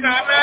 not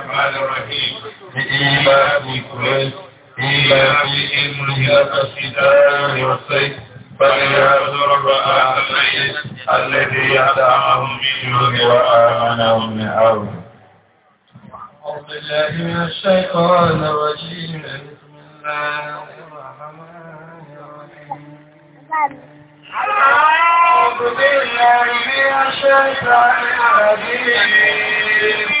الرحمن الرحيم لإيلاف قريش إيلاف إنهم الشتاء والصيف فليعذر الرأس الميت الذي يدعمهم من جود وآمنهم من عون أعوذ بالله من الشيطان الرجيم بسم الله الرحمن الرحيم أعوذ بالله من الشيطان الرجيم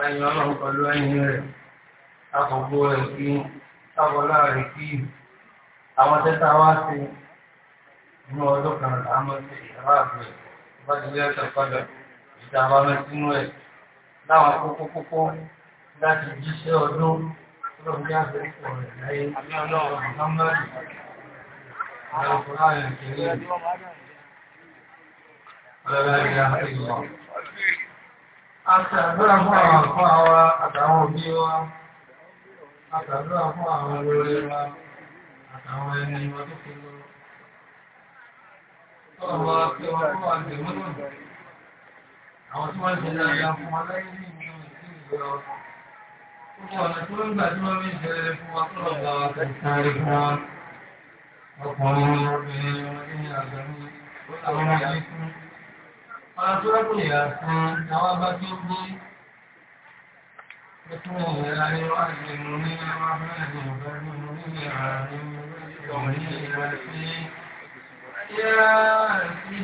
àyìn ọlọ́run pẹ̀lú ẹ̀yìn rẹ̀ àkọ́gbó rẹ̀ sí sábọ́lá rẹ̀ sí àwọn tẹ́ta wá sí inú ọdún kan àmọ́ sí ìráàbù ẹ̀ ìbájúlé ẹ̀sẹ̀ padà ìjàmbá mẹ́sínú ẹ̀ láwọn kókó kókó láti jíṣẹ́ ọdún ọlọ́run yá àgbẹ̀ pọ̀ rẹ̀ láyé àbí ọlọ́run Muhammad Ọlọ́run ìlànà Àtàdúrà fún àwọn àfọ́ àwa àtàwọn òbí wa, àtàdúrà fún àwọn olórí wa, àtàwọn ẹni wa tó fi lọ. Ọ̀rọ̀ tí wọ́n fún wa láyé ní tí wọ́n gbà tí wọ́n fún wa tó lọ Ọkùnrin obìnrin ọdún àgbẹ̀mí, ó ọmọ yìí fún. Àjọ́rẹ́kùn ìràsìn àwọn abájú ní ẹkùn ìrìnlẹ̀ ayé wá ní ìlú ní ẹwà fẹ́lẹ̀ ní ọ̀fẹ́ ní ìlú ní ìrà ní ọmọ ní ìwà sí yáà sí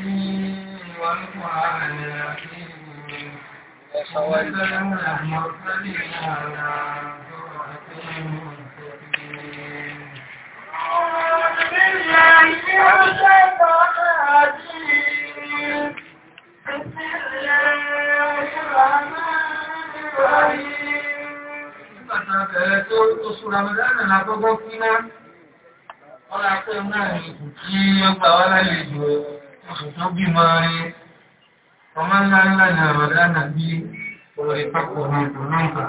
ìwà nípa ààrẹ àti ìrìnlẹ̀ أعوذ بالله من الشيطان الرجيم Ìgbàtà bẹ̀rẹ̀ tó tó súra mẹ́rẹ́nà lágbọ́gbọ́ kí náà, ọlá pé náà ní kò tí ó gbà wá lálejò oṣù tó bí máa rí. Ọmọ ńlá ńlá ní àmàdánà bí ọ̀rọ̀ ìpapọ̀ ní ìpò náà.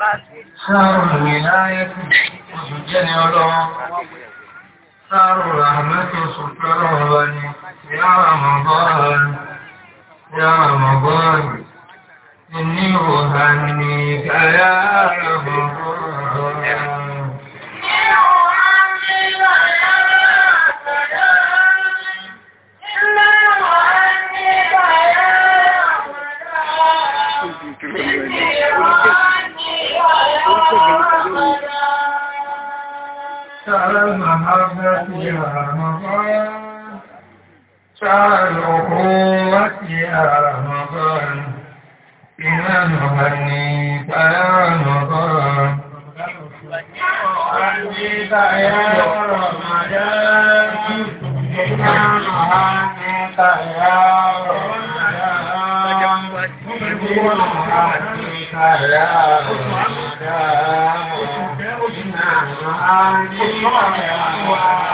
Sáàrùn ìrìnà ẹ̀kùn oṣù jẹ́ ni ọlọ́wọ́. Sáàrùn ràmẹ́tò oṣù pẹ́lọ́ ọlọ́ ni, ìyára mọ̀gọ́rin, ìyára mọ̀gọ́rin, ìní òhàn ni ìyára mọ̀gọ́rin. وسعتها مضان شعر أخوتها مضان إلى نغني فيا مضان وأنيك يا رمضان إلى نغنيك يا رمضان إلى نغنيك يا رمضان 啊！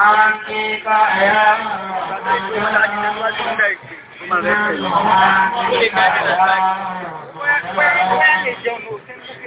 Àwọn akẹ́kọ̀ọ́ ẹ̀rọ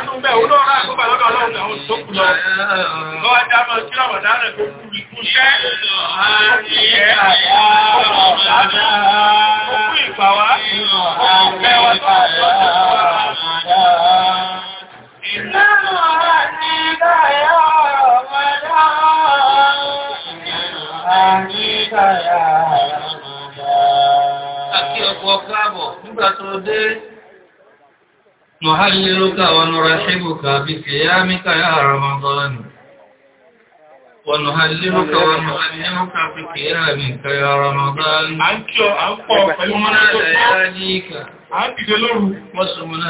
Àánú bẹ́ẹ̀ olóòrá àkóbà lọ́dọ̀ ọlọ́run àwọn tó kù lọ. Lọ́wọ́ dámọ̀ sí ọ̀rọ̀ dáadọ̀ tó kú rí kú ṣẹ́. Ó kú ìfàwá. Bẹ́ẹ̀wọ́ tó kú Iná ọ̀rọ̀ ní ìdáyà ọmọdá. Iná ọ̀rọ̀ ní ìdáyà ọmọdá. Àkí ọ̀pọ̀ ọ̀pọ̀ àbọ̀ nígbà tó dé. نهللك ونرحبك بقيامك يا رمضان ونهللك ونرحبك بقيامك يا رمضان أنت أنت أنت àádìdé lóru mọ́sùnmùn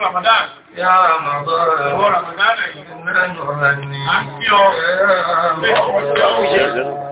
Ramadan. Ya Ramadan. Wa Ramadan. Inna nuhanni. Anki o. Ya Ramadan.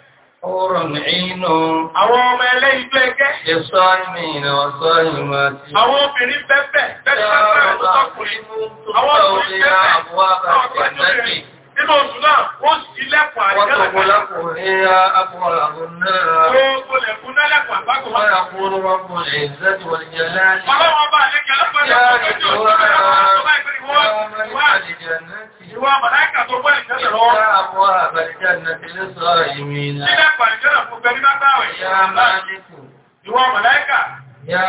Oòrùn inú. Àwọn ọmọ ẹlẹ́yìn tó ẹgẹ́. Ẹ̀sọ́ ìmì ìnà ọ̀sọ́ ìmọ̀ àti. Àwọn obìnrin bẹ́ẹ̀ bẹ́ẹ̀ bẹ́ẹ̀ Nínú oṣù náà, ó sì lẹ́kùn àríkà lápá. Wọ́n tó lápùn ẹ̀yà àpọ̀lọ̀gùn náà. Gbogbo lẹ̀kùn náà lẹ́kùn àpákò wọ́n. Wọ́n àpọ̀lọ̀ wọ́n kò lè zẹ́tì wọ́n jẹ́ láti. Ọlọ́wọ́n bá àlẹ́kẹ́ lọ́pọ̀ ẹ̀kọ́ tó jọ Ìwọ àmàláìkà tó wọ́n ìjọ́lẹ̀ lọ́wọ́. Ìyá àwọn àbàríkà nàbílẹ̀ sọ́rọ̀ ìmìnà. Sílẹ̀ pàdé jọ́nà fún gbẹ̀rí bá báwẹ̀. Ìyá máa nípò. Ìwọ àmàláìkà Yá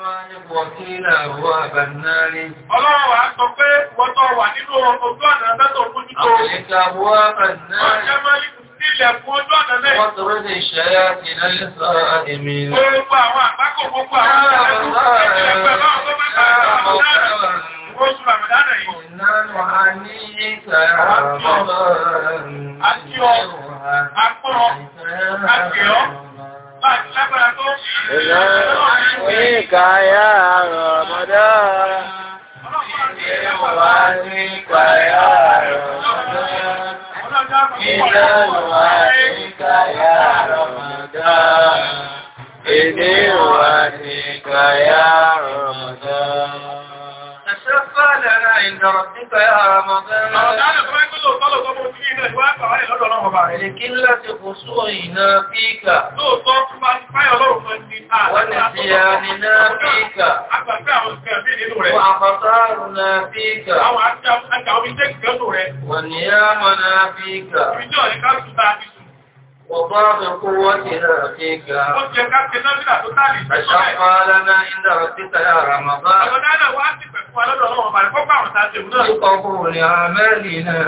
máa ní wọ̀kílà wà bànárí. Ọlọ́run wà sọ pé wọ́tọ̀ wà nínú ojú ànà látọ̀ fójú tó. Àmìlíkà wà bànárí. Ọjọ́ máa ní sílẹ̀ fún ojú ànà lẹ́yìn. Wọ́n tọrọ ní ìṣẹ́yà ti lẹ́lẹ́ sọ àdèmí. Gbogbo àwọn àpákò gbogbo àwọn àpákò ẹgbẹ̀rún ọgbọ́n Iná ìkáyà rọ̀mọ́dá. Ìwà ní ìkáyà rọ̀mọ́dá. Iná ìwà ní ìkáyà rọ̀mọ́dá. Ìdí ìwà ní ìkáyà rọ̀mọ́dá ṣẹ́fà lára ìdọ̀rọ̀ nípa ya Ramadan. Àwọn ọ̀dọ́ àgbà ẹgbẹ́ lò tọ́lọ̀ tọ́bọ̀ sí ilẹ̀ ìwọ́ àpàwárí lọ́dọ̀ náà bàbá rẹ̀. Èkí ńlá ti kò sóò ìná píkà. Lóòtọ́ fún bá ti fáyọ̀ lọ́rùn fún ti àà. Wọ́n ni ti ya nínú píkà. Àgbàgbà وضعف قوتنا فيك فشفى لنا عند ربك يا رمضان بقبول عملنا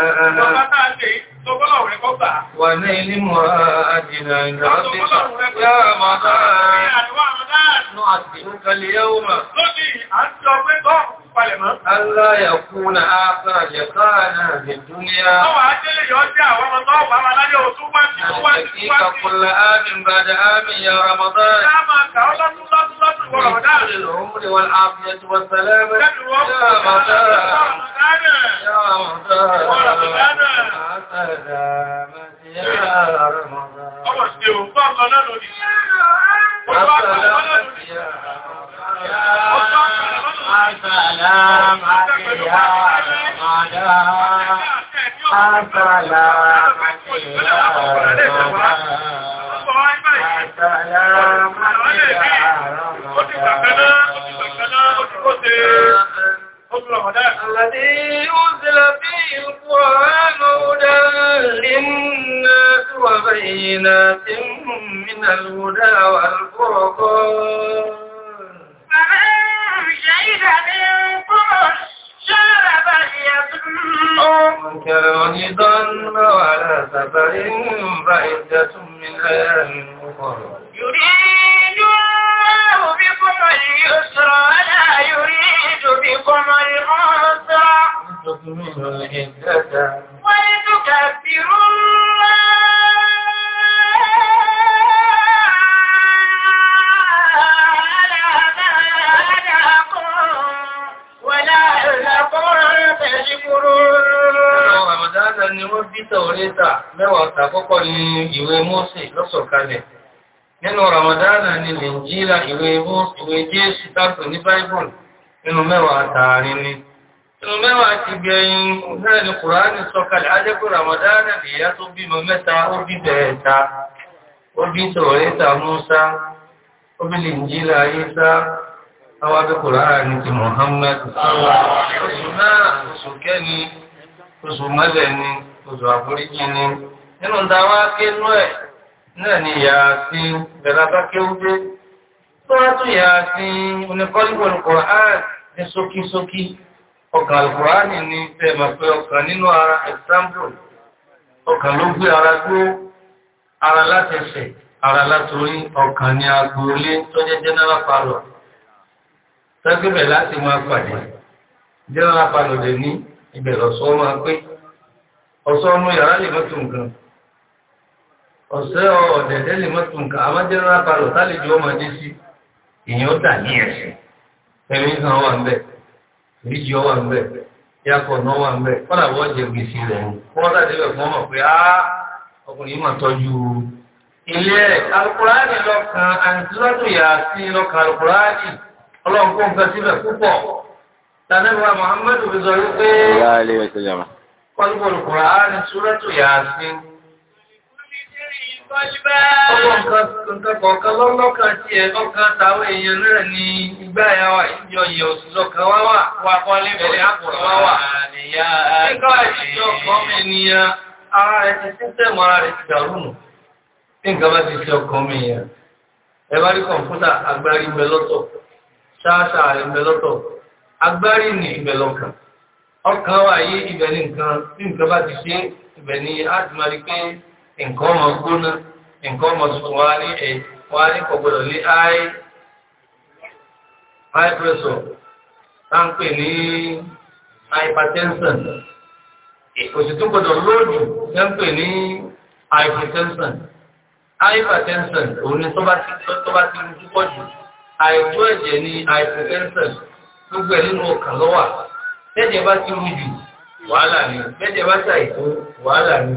وميل مرادنا عند ربك يا رمضان نعذبك اليوم palẹ̀mọ́. Aláyà fún ààbà yẹ̀kánà ní dúnlẹ́à. Ọwà ajẹ́lẹ̀ yọ jẹ́ àwọn ọmọ tó wà máa láyé òtún wá sí wá sí wá sí. Àṣẹ̀kí kàkùnlẹ̀ àmì bàdà àmì ya Ramadan. Láàmà kà ó lọ́tún lọ́tún lọ́tún wọ Ramadan. Ìṣẹ̀lẹ̀ òmùrì wọn àfihàn wọn sẹ́lẹ̀mẹ̀. Ya Ramadan. Ya Ramadan. Ya Ramadan. Ọwọ́ sí o, bá ọkọ̀ náà lórí. Ọjọ́ àkọ̀ọ́ náà lórí. Ọjọ́ àkọ̀ọ́ náà lórí. ما فيها معنى أفلا الذي أنزل فيه القرآن هدى للناس وبينات من الهدى والفرقان فمن شهد منكم الشهر فليصمه من كان مريضا أو على سفر فعدة من أيام أخرى يريد الله بكم اليسر ولا يريد بكم العسر لتكملوا العدة ni wọ́n bí tàwọ́lẹ́ta mẹ́wàá tàkọ́kọ́ ní ìwé Mósè lọ́sọ̀kalẹ̀. Nínú Ramadana ni Lìnjílà ìwé Jésù tàbí ní Bible nínú mẹ́wàá tààrin ni. Nínú mẹ́wàá ti gbẹ̀yìn náà ni Kùránì sọ̀kalẹ̀ ajẹ́kù Ramadana lè yá tó bímọ mẹ́ta ó bí bẹ̀ẹ̀ta, ó bí tàwọ́lẹ́ta Muhammad oṣù mẹ́lẹ̀ ni oṣù àforíjì ni nínú dáwà kínú ẹ̀ náà ni yà sí bẹ̀rẹ̀ta kéúgbé tó wá tún yà sí oníkọ́lùkọ́lù Kùránì ní ṣókíṣókí ọkàn Kùránì ní tẹ́mà pé ọkàn nínú ara example ọkàn ló gbé ara gbó ara látẹsẹ̀ ara látorí ọkàn ní agboolé tó jẹ́ general parlor tẹ́gbẹ̀bẹ̀ láti máa pàdé general parlor lè ní ibẹ̀ lọ́sọ́ máa pé ọ̀sọ́ ọmọ yàrá lè mọ́tò nǹkan ọ̀sẹ́ ọ̀dẹ̀dẹ̀ lè mọ́tò nǹkan amájẹ́rán apalọ̀ tálejò ọmọdé sí èèyàn dà ní ẹ̀sìn fẹ̀mísàn wà ń bẹ̀ ríjì ọwà ń bẹ̀ náà wà ń bẹ̀ kọ́nà wọ́n jẹ gbèsè rẹ̀ wọ́n bẹ̀ fún ọmọ pé á ọkùnrin mà tọ́jú ilé lọ́kàn lọ́kàn nǹkan síbẹ̀ púpọ̀ tàbíwá muhammadu fi sọ wípé kọlùkọlù kùránì súrẹ́tù Yásín ọgbọ̀n kọ̀ọ̀kan lọ́lọ́kan tí ẹ lọ́kan tàwọn èèyàn náà ni igbá ẹ̀yà wà ìjọ yẹ̀ òṣìṣọ́ kan wá wà wà kọ́lé bẹ̀rẹ̀ àpọ̀lọ́ wà wà nígbà ìṣìṣọ́ kan mẹ́niyàn ara rẹ̀ ti sísẹ̀mù ara rẹ̀ ti dàrúnù agbárí ní ibẹ̀ lọ́kàn ọkàn wà yí ibẹ̀ ní nǹkan tí nǹkan bá ti ṣe ibẹ̀ ní àtìmọ́rí pé nǹkan ọmọ gbóná nǹkan ọmọ tuntun wá ní ẹ̀ wá ní kọ̀gbọ̀dọ̀ lé high high pressure tá ń pè ní hypertension òsì tó gbọdọ̀ lóòjù tá ń pè ní hypertension hypertension òun ni tó bá ti ń túbọ̀ jù àìtó ẹ̀jẹ̀ ní hypertension gbogbo ẹ̀ nínú ọkàn lọ́wà bẹ́ẹ̀ bá ti rú jù wàhálà ni bẹ́ẹ̀ bá ṣàìtó wàhálà ni.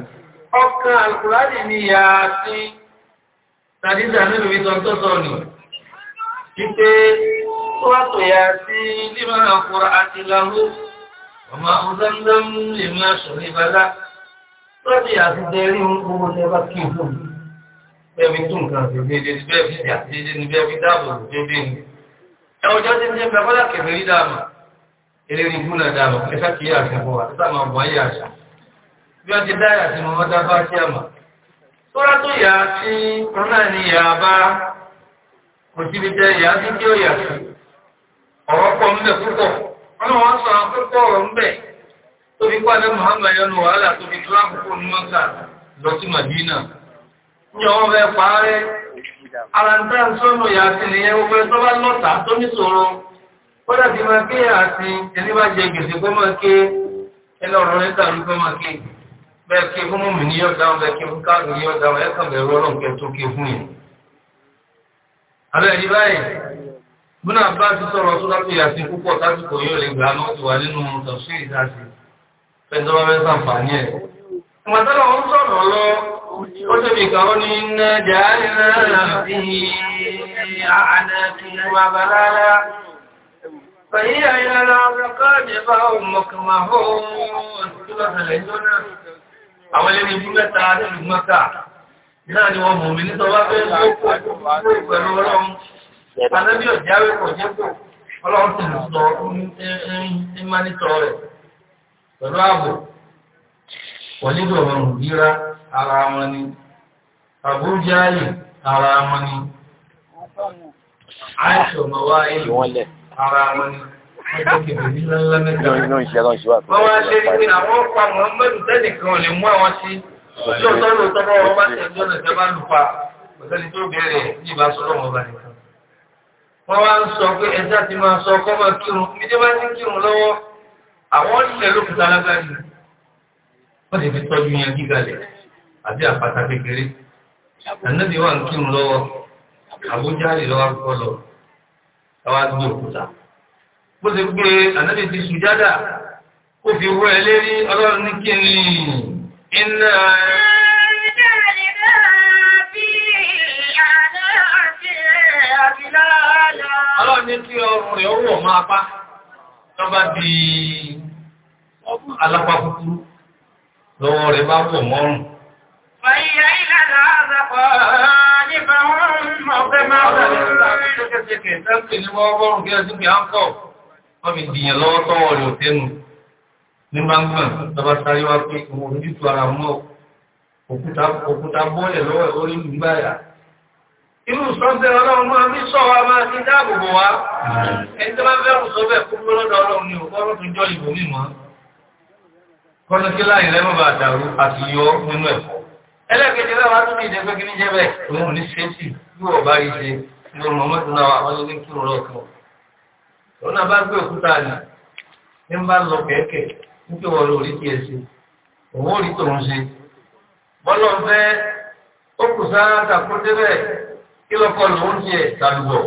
ọkàn àlùkùránì ni ìyá sí sàdísà nínú ibi tọ́ntọ́ sọ nù wípé tó wá pè ya sí lílọ́ àkùrọ̀ àti ìlànà ọmọ ọ̀sánlẹ́m lè máa ṣòrí bàlá lọ́dí àtijẹ́rí ń gbogbo tẹ́ bá kí ìfún bẹ́ẹ̀ fi tún nǹkan ṣe déédéé bẹ́ẹ̀ fi dà déédéé bẹ́ẹ̀ fi dáàbò déédéé ẹwọ́jọ́ tí ń jẹ́ pẹ̀fọ́lá kẹfẹ́ rí dáàmà eléri gúnà dáàmà ẹfẹ́ kìí àṣà fún wa títà máa bọ̀ ayé àṣà bí wọ́n ti dáyà sí mọ́ sí àmà tọ́lá tó yà ní yà bá kò síbi tẹ́ yà tí ó yà sí ọ̀rọ̀ pọ̀ ń bẹ̀ púpọ̀ Muhammad Ara ń tán sọ́nà ìyá sí ni ẹwọ́ pé tó bá lọ́ta tó ní sọ̀rọ̀. Ó dàbí máa ké àti ẹni bá jẹ gbèsè pé máa ké ẹlẹ́ ọ̀rọ̀ rẹ̀ tàbí pé máa ké. Bẹ́ẹ̀ ké fún mọ̀mí ní yọ̀dáwọn, bẹ́ẹ̀ ké fún káàdù ní yọ̀dáwọn, ẹ kàn bẹ̀rù ọlọ́run kẹ tó ké fún yìí. Abẹ́ ẹ̀rí báyìí, Bùnà bá ti sọ̀rọ̀ tó lápẹ̀ yà sí púpọ̀ tásìkò yóò lè gbà náà ti wà nínú tọ̀sí ìdásí. Fẹ́ńdọ́rọ́ ó tóbi kan ó ní iná jàálì náà sí àánà tí wà bá rárá fẹ̀yí àyàrá ọ̀rọ̀kọ́ ìjẹba ọmọkànmáhó àwọn ẹlẹ́ni bí mẹ́ta nínú mọ́ta náà ni wọ́n mọ̀ mí ní tọwá fẹ́ lókò pẹ̀lú ọlọ́run pàtàkì ọ̀jáwé kò jẹ́kò ọlọ́run ti lù sọ ní rẹ̀ pẹ̀lú ààbò wọ́n nílò ọ̀run ríra ara wọn ni àbújáyì ara wọn ni àìṣọ̀mọ̀wá ìlú ara wọn ni Ọjọ́ kìbìrí lọ́lọ́ mẹ́ta. Wọ́n wá lé ní pé àwọn ọ̀pá Mọ̀ọ́mọ́dù tẹ́nìkan lè mú àwọn sí Lóòótọ́ lóòótọ́ bá wọ́n bá tẹ̀jọ́ náà tẹ́ bá lùpa, ọ̀sẹ́ni tó bẹ̀rẹ̀ ní ìbásọ́lọ́ wọn bá àbí àpáta kékeré ànábì wà ń kírun lọ́wọ́ àbújáàlì lọ́wọ́ kọ́ lọ ẹwà gbé òkúta bó ti gbé ànábì ti sùjádà ó fi wọ́ ẹ lérí ọlọ́run ní kí ni iná ọlọ́run ní kí ọrùn rẹ̀ ó wọ̀ máa pa lọ́ba di alápá kúkúrú lọ́wọ́ rẹ̀ bá wọ̀ mọ́rùn-ún فإيا إلى هذا قالبا مقيما Wọ́n mi dìyàn lọ́wọ́ tọ́wọ́ rẹ̀ òtẹ́nu ní gbangban tọba sáré wá pé ọmọ orújútù ara mọ́ òkúta bọ́ọ̀lẹ̀ lọ́wọ́ orí ìgbáyà. Inú sọ́bẹ̀ ọlọ́run máa bí sọ wa máa ti dáàbòbò wá. Ẹni tó bá fẹ́rù sọ́bẹ̀ fún lọ́dọ̀ ọlọ́run ni òkọ́rọ̀ tó jọ ìbò mímọ́. Kọ́nà kí láì rẹ́ mọ́ bàtàrú àti yọ nínú ẹlẹ́gbẹ̀ẹ́ lẹ́wà tó ní ìdẹ́gbẹ́ kí ní jẹ́ bẹ́ẹ̀ òun ní ṣéjì bí wọ́n bá rí ṣe ní ọmọ wọ́n òun náà bá gbé òkúta ní ní bá lọ kẹ̀kẹ́ nítorí lórí kí ẹ ṣe òun ò rí tòun ṣe fẹ́ sáà débẹ̀ kí lòún jẹ gbé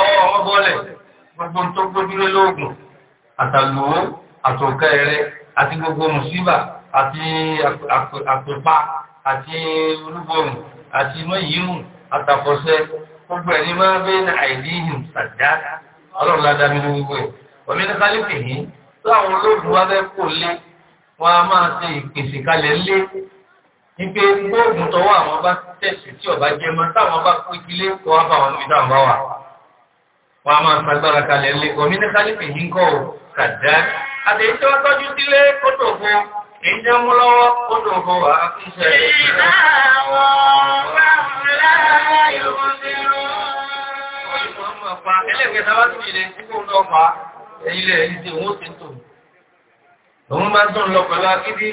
Ọwọ́ wọn bọ́lẹ̀, gbogbo tó gbójúlé lóògùn, àtàlùwó, àtòkẹ́ ẹ̀rẹ́, àti gbogbo mùsíbà, àti àpèpa, àti olúborùn, àti mọ́yìírù, àtàkọ̀ṣẹ́, gbogbo ẹni máa bẹ́ ní àìdíhìn sàdá, ọlọ́run ládá mi lórí gbogbo ẹ̀. Ọ̀mí ní kálífì yìí, tó àwọn olóògùn wá fẹ́ kò lé, wọ́n á máa ṣe ìpèsè kalẹ̀ lé nígbè gbóògùn tọwọ́ àwọn bá tẹ̀sí tí ọba jẹ mọ́ táwọn bá kó ìdílé kọ́ wá bá wọn níbi táwọn bá wà. wọn a máa sagbára kalẹ̀ lé omi ní kálífì yìí ń kọ́ ò kàdá. àtẹ̀yí tí wọ́n tọ́jú sílé kótó fún èyí jẹ́ mú lọ́wọ́ kótó fún wa kí n ṣe. ìlà àwọn fáwọlá yóò ti rú. ẹlẹ́gbẹ̀ta wá sí ilé tí kò lọ́ pa ilé ẹni tí òun ó ti tò. òun máa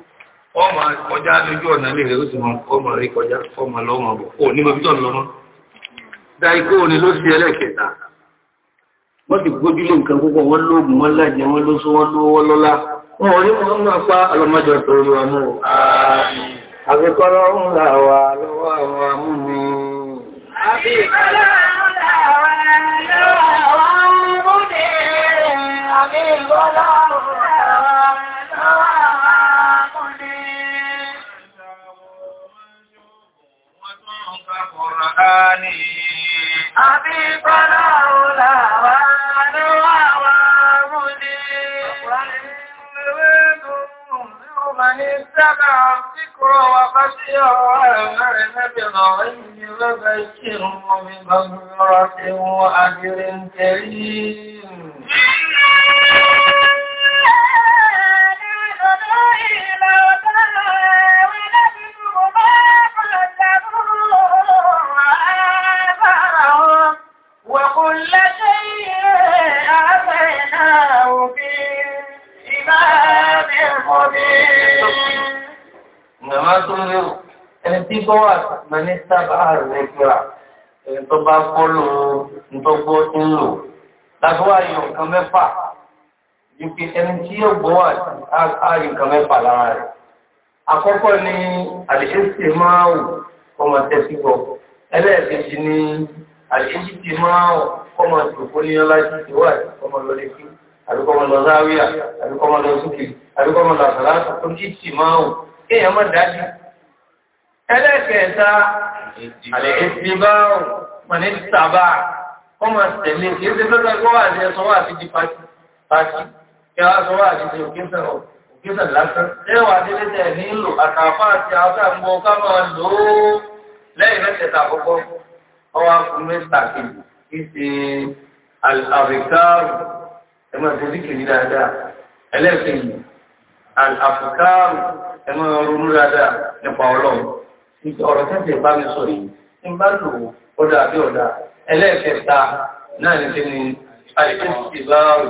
ọmọ kọjá lójú ọ̀nà lè rẹ̀ ó sì máa ọmọ rí kọjá fọ́mọ lọ́mọ bọ̀ kò ní mọ̀ bítọ̀ lọ́mọ dá ni, òní ló sí ẹlẹ́kẹta wọ́n ti gbójúlé nǹkan púpọ̀ wọ́n lóògùn wọ́n lájẹ wọ́n lóṣó wọ́n lówó lọ́lá wọ́n rí wọn náà pa ọlọ́mọjọ torí wa mú àfikọ́rọ̀ ń là من استمع الذكر وخشي الرحمن بالغيب فبشره بمغفرة وأجر كريم. wà mẹ́nísà bá àrùn ẹgbẹ́ra ẹ̀yìn tó bá fọ́lù ìtọ́gbọ́ tí ń lò lágbọ́wà yóò nǹkan mẹ́fà yìí ẹni tí yóò gbọ́ wà ààrì nǹkan mẹ́fà lára rẹ̀ àkọ́kọ́ ni àdìsẹ́sì máa wù kọmọ tẹ́sí gbọ́ ẹlẹ́ẹ̀kejì ni àdìsẹ́sì ti máa wù kọmọ tòkó ní ọlá títí kí àdúkọmọ lọ dájú ẹlẹ́kẹ̀ẹ́ta àlẹ́ ìsìnbáwò wọn ní sábà wọ́n máa tẹ̀lé kí ó ti fẹ́ fẹ́ kọ́ wà ní ẹ̀sọ́ wà sí di pàṣẹ pàṣẹ kí wọ́n sọ wà ní ti òkè sọ̀rọ̀ òkè sọ̀rọ̀ lásán ẹwà délé tẹ̀ nílò àkàfà àti àwọn àgbọ̀ ká máa lò lẹ́yìn mẹ́tẹ̀ẹ̀ta àkọ́kọ́ ọwọ́ akùn mẹ́ta kejì ṣe àríkàrù ẹ máa dáadáa ẹlẹ́kẹ̀ẹ́yìn àríkàrù ẹ máa dáadáa nípa ọlọ́run ìjọ ọ̀rọ̀ tẹ́sẹ̀ bá mi sọ yìí tí bá lò ọdá àbí ọ̀dá ẹlẹ́ẹ̀kẹta náà ní kí ni àìkú ti bá rù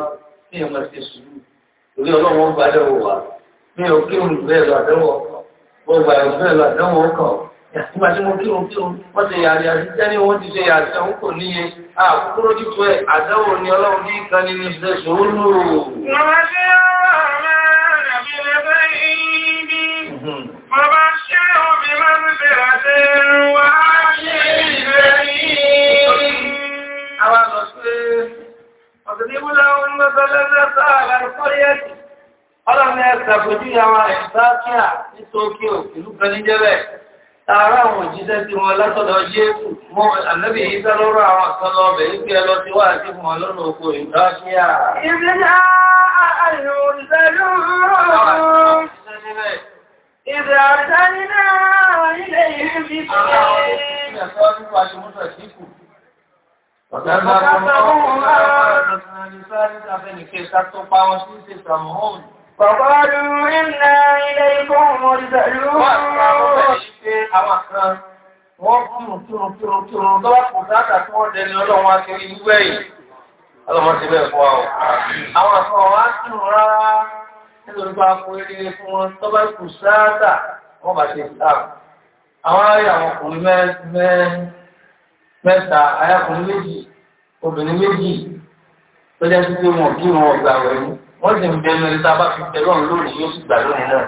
ní ìmọ̀ ti sùúrù torí ọlọ́wọ́ gba lẹ́wọ̀ wá mi ò kí òun bẹ́ẹ̀ lọ àdánwò mo gbà ẹ̀ bẹ́ẹ̀ lọ àdánwò kàn nígbà tí mo kí òun kí òun wọ́n ti yàrá yàrá jẹ́ ní wọ́n ti ṣe yàrá òun ni ọlọ́run ní ìkànnì ní Ọlọ́run ẹ̀sà fojú àwọn ẹ̀sáàkíà ní Tókíò ìlú kan ní jẹ́rẹ̀. Tààrà àwọn òjíṣẹ́ tí wọn látọ̀dọ̀ Jésù mọ́ àlẹ́bì àwọn إذا أرسلنا إليهم بسرعين فقالوا إنا إليكم مرسلون Wọ́n kúrò kúrò kúrò kúrò lọ́wọ́ ìwé nítorí bá kú eré fún wọn tó bá kù sáátà wọ́n bá ṣe sáà àwọn ayé àwọn ọkùnrin mẹ́ta ayákùnrin méjì obìnrin méjì tó jẹ́ sí pé wọn kí wọn ọgbà wẹ̀lú wọ́n sì ń bẹnu ẹni tá a bá fi tẹ̀lé ọ̀run lónìí yóò sì gbà lónìí náà.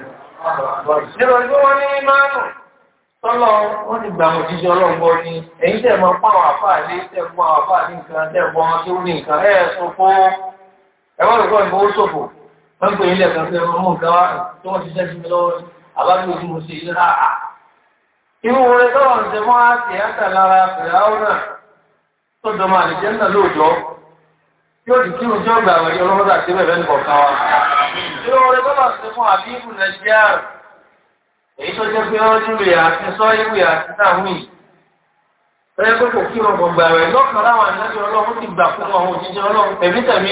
nígbà tí wọ́n ní mánù tọ́lọ wọ́n ti gbà wọn jíjẹ ọlọ́gbọ́ ni èyí tẹ̀ mọ́ pàwọn àfáà lé tẹ̀gbọ́n àfáà ní nǹkan tẹ̀gbọ́n tó ní nǹkan ẹ̀ ṣòfò ẹ̀wọ́n ìgbọ́n ìgbọ́n ó ṣòfò wọ́n pè é lẹ́ẹ̀kan pé ọmọ nǹkan wá tí wọ́n ṣiṣẹ́ sí mi lọ́wọ́ àbájú ojú mo ṣe ìlera à. irú orin tọ́wọ́ ń tẹ́mọ́ á ti ẹ́ta lára fìràwọ́ náà tó dọmọ àlejò náà lóòjọ́ yóò ti kírun tí ó gbà wẹ̀ yọ lọ́mọdé àti bẹ̀rẹ̀ ní kọ̀ọ̀kan wa. irú orin tọ́wọ́ ń tẹ́mọ́ àbíkù nàìjíríà èyí tó jẹ́ pé wọ́n júwe àti sọ ìwé àti táwìn ẹ̀yẹ́ pé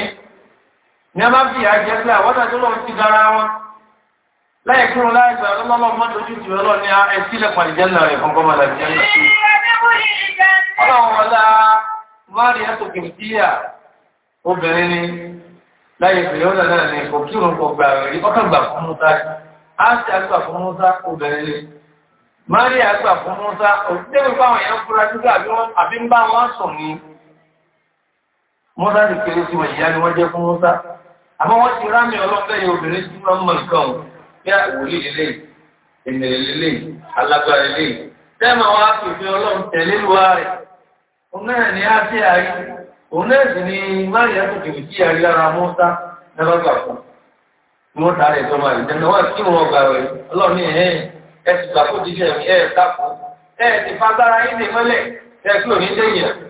ní a máa fi àjẹ́ pé àwọn àjọ́ lọ́wọ́ ti dára wọn láì kúrò láì gbà lọ́lọ́lọ́ mọ́ lójú jù lọ ní ẹ̀sílẹ̀ pàdìjẹ́nà rẹ̀ fún gọ́mà làjẹ́nà ọlọ́wọ́ ọlá márì ẹ̀tọ́ kìrìtíyà obìnrin ni láì pèrè ó mọ́sá ti kéré sí wọ̀nyí ni wọ́n jẹ́ fún mọ́sá àmọ́ wọ́n ti rámì ọlọ́pẹ́ yẹn obìnrin tí wọ́n mọ̀ nǹkan o bí àwòrí lélẹ̀ ènìyàn lélẹ̀ alágbára lélẹ̀ tẹ́mà wá fìfẹ́ ọlọ́run tẹ̀lé lùwà òun náà ni á sí àárí òun náà sì ni máyà tó kìrì sí àárí lára mọ́sá lọ́wọ́ gbà fún un wọ́n tààrẹ̀ tó máa rí jẹ́ wọ́n kí wọ́n gbà rẹ̀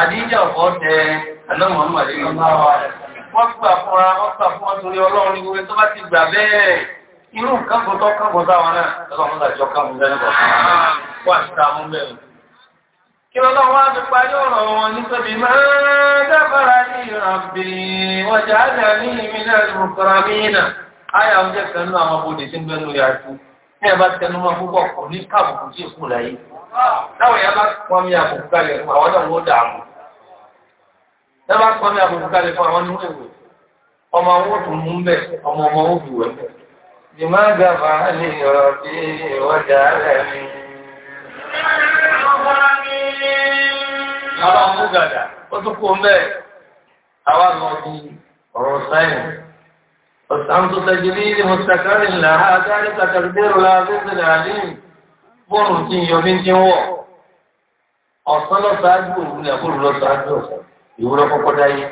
Àdíjà ọ̀pọ̀ tẹ anáwọ̀nmàdé wọ́n gbà fúnra wọ́n gbà fún ọdúnrí ọlọ́run ní gbogbo tó bá ti gbà bẹ́ẹ̀ inú kánkòtọ́ kánkòtọ́ àwọn náà lọ́wọ́n lájọ kánkòtọ́ wà síta mú mẹ́rin kí lọ́lọ́ wá fi parí ọ̀rọ̀ wọn nítorí máa dábàrá ní ìrànbí wọ́n jẹ́ àjà ní ìmìnà ìrùkọ̀rọ̀ mìíràn ayà oúnjẹ kan ní àwọn abòdè tí ń gbẹ́nu rẹ̀ àti ní ẹ̀bá tẹnumọ́ púpọ̀ kò ní káàbùkù sí ìkú Tẹ́bá pọ̀ ní àbùkù kalẹ̀ fún àwọn nínú ìwò. Ọmọ owó tó mú bẹ̀, ọmọ ọmọ owó bù wẹ̀. Ìmá gàfà lè rọ̀ bí ìwọ́jà rẹ̀ mi. Àwọn ọmọ gàdà, ó tún kó mẹ́ àwọn lọ bí ọ̀rọ̀ sáyẹn. Ọ̀sán tó tẹ̀jìrí ní Mùsàkárì làá, dárí kàtàkùdérò láàrín àlíyìn, bọ́ọ̀rùn tí yọ ní jíwọ̀. Ọ̀sán lọ́sàájú òun ni ìwọ lọ kọ́kọ́ dáyé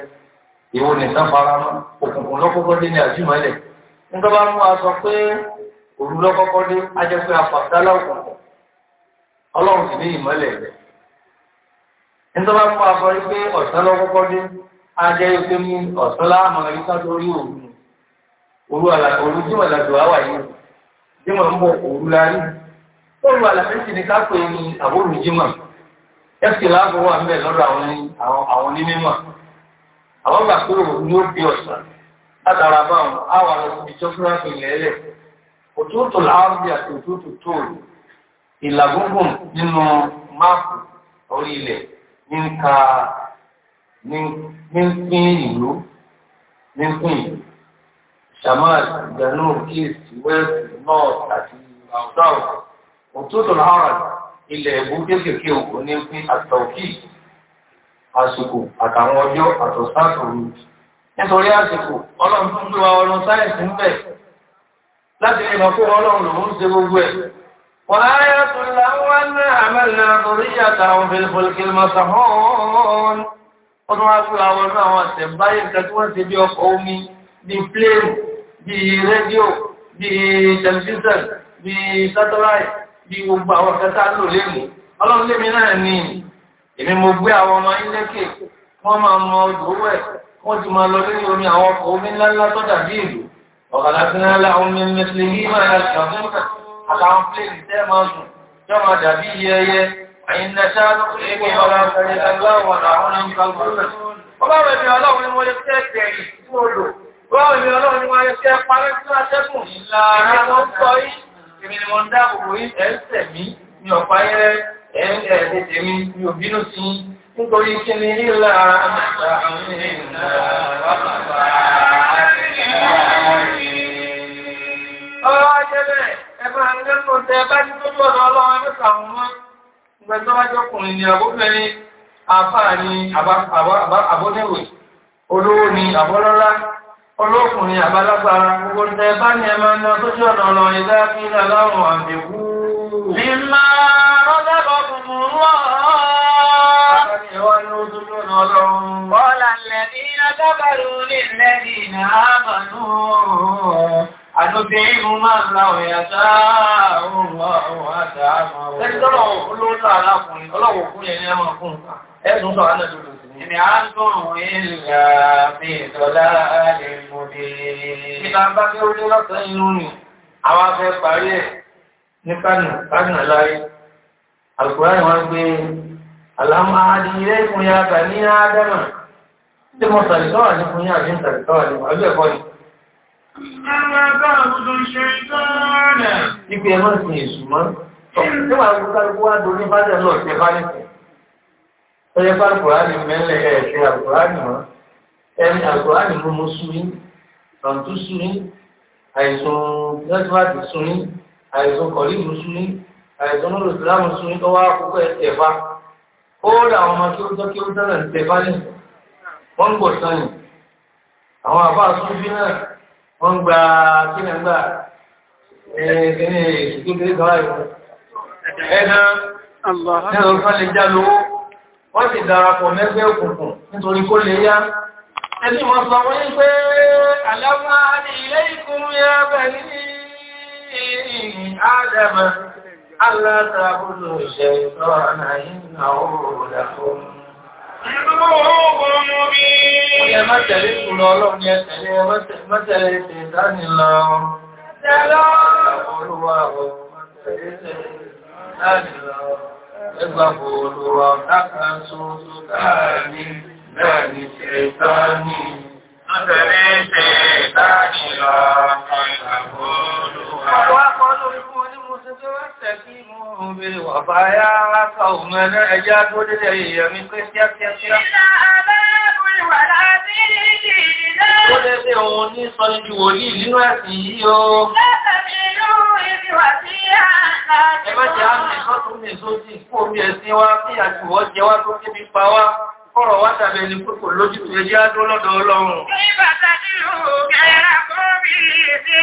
ìwọ ní sáfara mọ òkùnkùn lọ kọ́kọ́ dé ní àjùmọlẹ nígbà bá mú aṣọ pé òru lọ kọ́kọ́ dé ajẹ pé apàtàlà òkùnkùn Ọlọ́run sì ní ìmọ́lẹ̀ rẹ nígbà bá mú aṣọ pé ọ̀sán lọ kọ́kọ́ dé ajẹ pé mú ọ̀sán láàmú ẹyí ká lórí òru òru àlàkò òru jímọ̀ àlàkò àwà yìí jímọ̀ ń bọ̀ òru láàrín òru àlàkò sì ní ká pè ní àbórùjímọ̀. ẹ̀sìn láàbò wà mẹ́ lọ́dọ̀ àwọn onímọ̀ àwọn gbà pé òun ó bí ọ̀sán látara báwọn àwọn ọ̀sán ìjọ́fúnra fi lẹ́lẹ̀ òtútù láàbì àti òtútù tóòrù ìlà nínú máàpù orí ilẹ̀ ilẹ̀ ẹ̀bú kéèkéé òkú ní pín àtọ̀kí àsìkò àtàwọn ọjọ́ àtọ̀sáàtòrò nítorí àsìkò ọlọ́run tó ń gbé wa ọlọ́run sáyẹ̀nsì ń bẹ̀ láti lè mọ̀ pé ọlọ́run lòun ń ṣe gbogbo ẹ̀ wọ́n ayé tó láwọn náà àmẹ́lẹ̀ àtọ̀rí àtàwọn fèlèfèlèkèlè mọ̀sàmọ́ọ́n ó tún wá pé àwọn náà wọn ṣẹ̀ báyé bí rédíò bí tẹlifíṣàn bí sátáláìtì bí gbogbo àwọn kẹta lò lémi ọlọ́run lémi náà ní èmi mo gbé àwọn ọmọ ilékè wọ́n máa mọ odò wẹ̀ wọ́n ti máa lọ lórí omi àwọn ọkọ̀ omi dàbí ìlú ọ̀kadà tí wọ́n lá omi mẹsìlẹ̀ yìí máa yà fún àtàwọn pléènì tẹ́ máa sùn máa dàbí yẹyẹ àyìn lókè èmi ni mo ń dáàbò bò yín ẹ̀ ń tẹ̀mí mi ò páyẹ́ ẹ̀ ń tẹ̀tẹ̀ mi mi ò bínú sí i nítorí kí ni lílà àmàlà àwọn ènìyàn wàhálà ọlọ́wọ́ jẹ́ bẹ́ẹ̀ ẹ máa ń lẹ́kọ̀ọ́ tẹ bá ti tó lọ́dọ̀ ọlọ́wọ́ ẹ mẹ́ta wọn mọ́ ìgbẹ́ tó bá jọkùnrin ni àbúfẹ́ni àfáà ni àbónẹ́wẹ̀ olówó ni àbọ́lọ́lá olókùnrin àbálágbà gbogbo tẹ bá ní ẹmọ ẹ̀nà tó ṣe ọ̀nà ọ̀nà ìdá kí ní aláwọ̀ àmìwú. mi máa tuntun rọ̀ Àdúgbìnrin máa ń láwọn ìyàtá àrùn ọ̀rọ̀ àtàrà. Ẹgbẹ́lọ́ olóòtà alákùnrin, ọlọ́wọ̀ kúrò ẹni ẹmọ fún ọ̀pá. Ẹ̀sùn sọ àánà dúdú sí. Ìní a ń tọrùn ìlà bí ìtọ́lá ààrẹ mọ́bí. Ìta bá ó dé lọ́tọ̀ inú ni, àwọn afẹ́ parí ẹ̀ ní Kánà, Kánà láyé. Àlùkùránì wọ́n gbé Àlámà adìyẹ ìkùnyà kà ní Ádámà. Ṣé mo sàrìsọ́wà ní kùnyà àbí ń sàrìsọ́wà Ibi ẹ̀mọ́ sí ìṣùmọ́. Níwà kúkàlùkú wá dorí bá jẹ́ lọ ṣe bá nìkù. Ó yẹ bá Kùránì mẹ́lẹ̀ ẹ̀ṣẹ́ Àkùránì mọ́. Ẹni Àkùránì mú mú súnmí, tọ̀ntú súnmí, àìsùn Gẹ́sùmáàtì súnmí, àìsùn Kọ̀líbù súnmí, àìsùn Olùsìlámù súnmí tó wá kúkọ́ ẹ̀ṣẹ̀ bá. Ó rà ọmọ kí ó tọ́ ó tẹ́lẹ̀ ń tẹ bá nìkù. Wọ́n ń gbọ̀ sọ́yìn. Àwọn àbá wọ́n ń gba kíni ń gbà kíni ìṣùkú kiri kan láyò ẹ̀nà nínú kan lè já lówó wọ́n sì darapọ̀ mẹ́gbẹ́ òkùnkùn nítorí kó lè yá ẹni wọ́n sọ wọ́n yí pé àlọ́mọ́ àti Ẹ má tẹ̀lé ìṣúná ọlọ́run ni ẹ tẹ̀lé ẹ má tẹ̀lé ìṣẹ̀dání lọ. Tẹ̀lọ́. Olúwa ọ̀ má tẹ̀lé Àwọn akọ́ واستقيموا بالوفايا قومنا أجابوا لدي من قسيا كثيرا Ó lẹ́gbẹ́ òun ní sọ́jú wòlíì nínú ẹ̀sìn yìí o. Ẹgbẹ́ jẹ́ àmì ìsọ́túnmì sí àjùwọ́ jẹ Kọ́rọ̀ wá tàbí ẹni púpọ̀ lójú tó lọ́dọ̀ Ọlọ́run. Ní bàtà nínú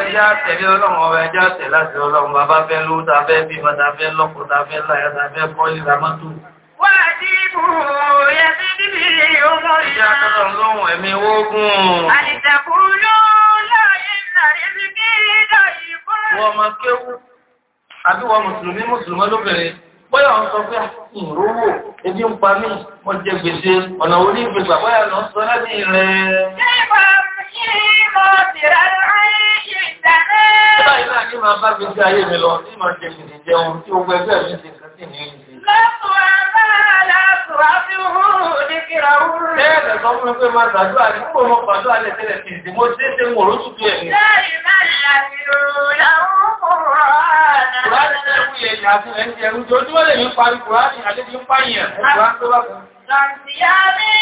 Ẹjá tẹ̀lé ọlọ́run ọba ẹjá tẹ̀ láti ọlọ́run bàbá fẹ́ ló tàbẹ́ bí ma tàbẹ́ lọ́pọ̀ tàbẹ́ láyá tàbẹ́ pọ́lì ramátù. mùsùlùmí mùsùlùmí lóbìnrin bóyá ọ̀n sọ pé ah, ìrówó ebi ń pa mí mo jẹ gbèsè ọ̀nà orí ìgbèsà bóyá lọ sọ lẹ́bí rẹ̀. nígbà tí mo bìrẹ̀ láyé ṣe ìdáná. nígbà yìí náà ní máa bá gbèsè ayé mi lọ ní máa jẹ gbèsè jẹun tí gbogbo ẹgbẹ́ mi ti kàn sí ní ìlú. lọ́sùn àbára lọ́sùn àfihàn ní kíra wúrú. bẹ́ẹ̀ lọ sọ fún mi pé máa gbàdúrà ní kó mo gbàdúrà lẹ́sẹ̀ lẹ́sẹ̀ ìdìmọ̀ ti ẹ̀yà fún ẹ̀jẹ̀ ojoojúmọ́ lè ní parí kùránì àti ti ń pààyàn. Àṣìyá ní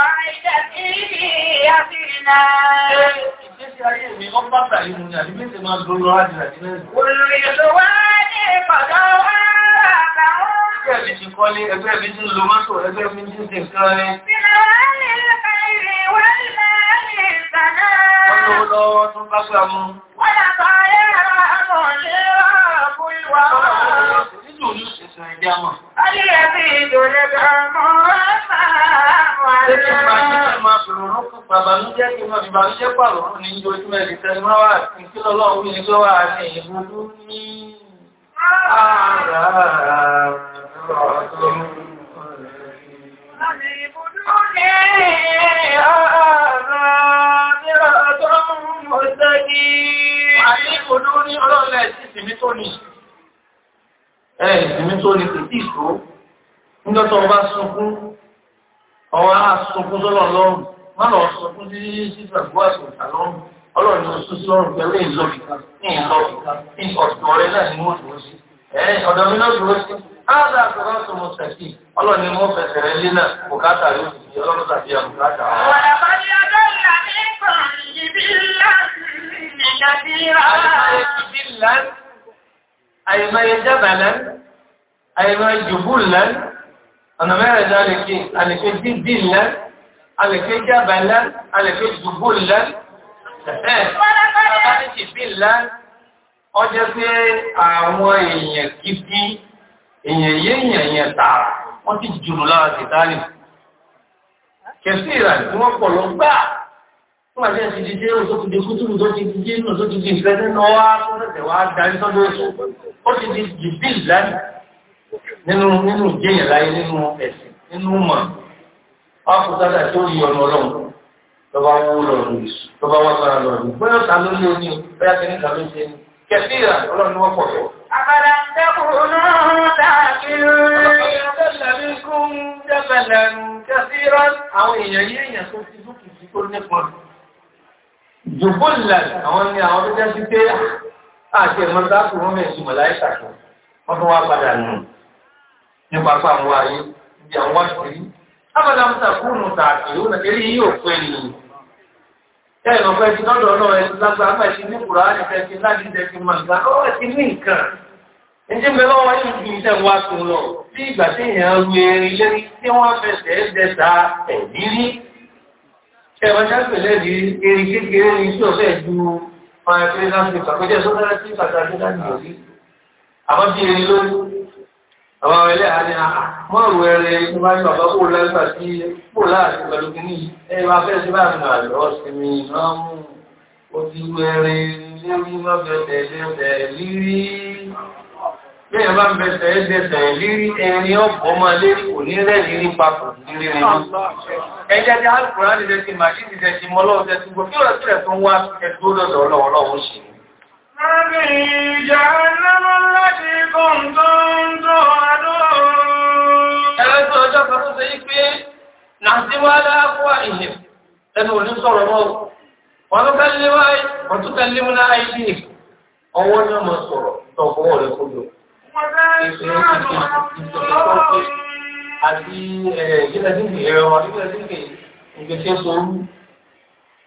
Ìgbésí ayé mi, ọ bàbà yìí mú ní àdígbésí máa dúró lọ́wọ́ àdìrà jẹ́ mẹ́rin. Olùrìn ètò wá ní pàdá wá àtàwọn. Ẹgbẹ́ mi ti kọ́lé, ẹgbẹ́ mi ti ń lo mọ́tò, ẹgbẹ́ mi ti ń ṣe nǹkan rẹ. Ìlà wọ́n lọ́wọ́ tó bá gbà mú. Wọ́n ìbànújẹ́ pàrọ̀ ní ojúmọ́ ẹ̀rì tẹ́lẹ̀máwà àti ní sọ́wà ní ní ààrà ní ọlọ́lẹ̀ sí ìsinmi tó ní. Ẹ ìsinmi tó ní kò tí ìṣó, ń lọ́tọ̀ ọba sunkún, ọwá má lọ sọ fún sí sísàgbọ́ àṣọ̀tà lọ́rùn ọlọ́run ló sún sọ́run pẹ̀lú ìlọ́fìkà ní ìlọ́fìkà ní ọ̀dọ̀ rẹ náà ni wọ́n dúró sí ọ̀dọ̀ mi náà dúró sí áàdà àtọ̀rọ̀ tó mo sẹ̀kì ọlọ́run ni mo fẹsẹ̀ ọ̀nà mẹ́rẹ̀ẹ́dá lè ké àlèké dídì alẹ́kẹ́ jábà lẹ́n alẹ́kẹ́ dùgbò lẹ́n bàbá ní ṣìfì lẹ́n ọjọ́ pé àwọn èèyàn kìí èèyàn yéèyàn yẹn tààrà wọ́n ti jùlọ lára tìtánì kẹsí ìrà tí wọ́n pọ̀ lọ gbà fún àti ẹ̀sìn ti dé òtó kútùrù tó ti di nù tó ti di ìfẹ́ nínú wá tó tẹ̀sẹ̀ wá darí sọ́dọ̀ ọkùnrin sábà tó yí ọmọ ọlọ́run lọ́ba wọ́n lọ rí lọ́ba wọ́n sára lọ rí bóyá ọ̀tá ló lé ní bóyá kẹ́ni kan ló ṣe ní kẹ̀sí ìrà ọlọ́run wọ́n pọ̀ fẹ́. àbàdà ń tẹ́kùn náà dàbílú ìyàtọ̀lẹ́bíkún jẹ́bẹ̀lẹ̀ kẹ̀sí ìrà àwọn èèyàn yé èèyàn tó ti dúkìtì tó nípọn. jùbọ́lẹ̀ àwọn ni abala ń sàkúrù tààkìrù náà eré yìí ò pé ni ẹ̀rọ ọ̀pẹ ti lọ́dọ̀ náà ẹ̀ lágbára pẹ̀ sí ní kùrọ̀ á ní fẹ́ sí láti jẹ́ sí máa gbà ọ́ ẹ̀ ti ní nǹkan ẹ̀jẹ̀ mi lọ́wọ́ yìí ju iṣẹ́ wa tó lọ bí ìgbà tí èèyàn ru erin lérí tí wọ́n fẹsẹ̀ ẹ̀ dẹ́ta ẹ̀mí rí ẹ̀rọ jágbèlè rí erin kékeré ní tí ọ̀fẹ́ ju ọ̀rẹ́ pé láti ìgbà pé jẹ́ àwọn ọmọ ilé àní mọ́rù ẹrẹ tó bá ní bàbá kó lẹ́gbà sí pò láàrin pẹ̀lú kìíní ẹwà fẹ́ sí bá nà lọ sinmi náà mú ó ti wú ẹrẹ lérí lọ́bẹ̀ẹ̀tẹ̀ lẹ́bẹ̀ lírí lẹ́yìn bá ń bẹ̀ẹ̀tẹ̀ ẹ̀dẹ̀ẹ̀tẹ̀ lírí ẹni ọ̀pọ̀ máa lérí kò ní rẹ̀ ní papọ̀ lírí rẹ̀ ẹjẹ́ tí هذه جهنم التي كنتم توعدون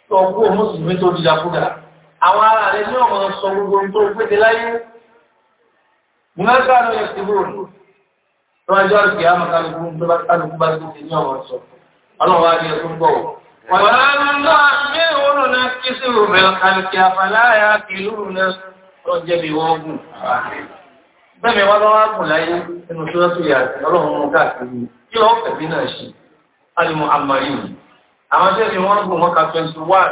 tó tó àwọn ará rẹ̀ ní ọmọ sọ gbogbo tó gbéde láyé múnágbà lọ́yẹ̀ sí bóòlù tó ajọ́ ìgbé àmàkàlùkù tó bá kálùkù bá gbéde ní ọmọ sọ ọlọ́wọ́ á ní ẹkún bọ̀ Bẹ́ẹ̀ni wọ́n lọ́wọ́ ápùn láyé inú tó lọ́tù ìyàtì ọlọ́run mú káàkiri tí ó fẹ̀bí náà ṣe, alìmọ̀ àmàrí. Àwọn tẹ́lẹ̀ wọ́n gùn wọ́n ka 21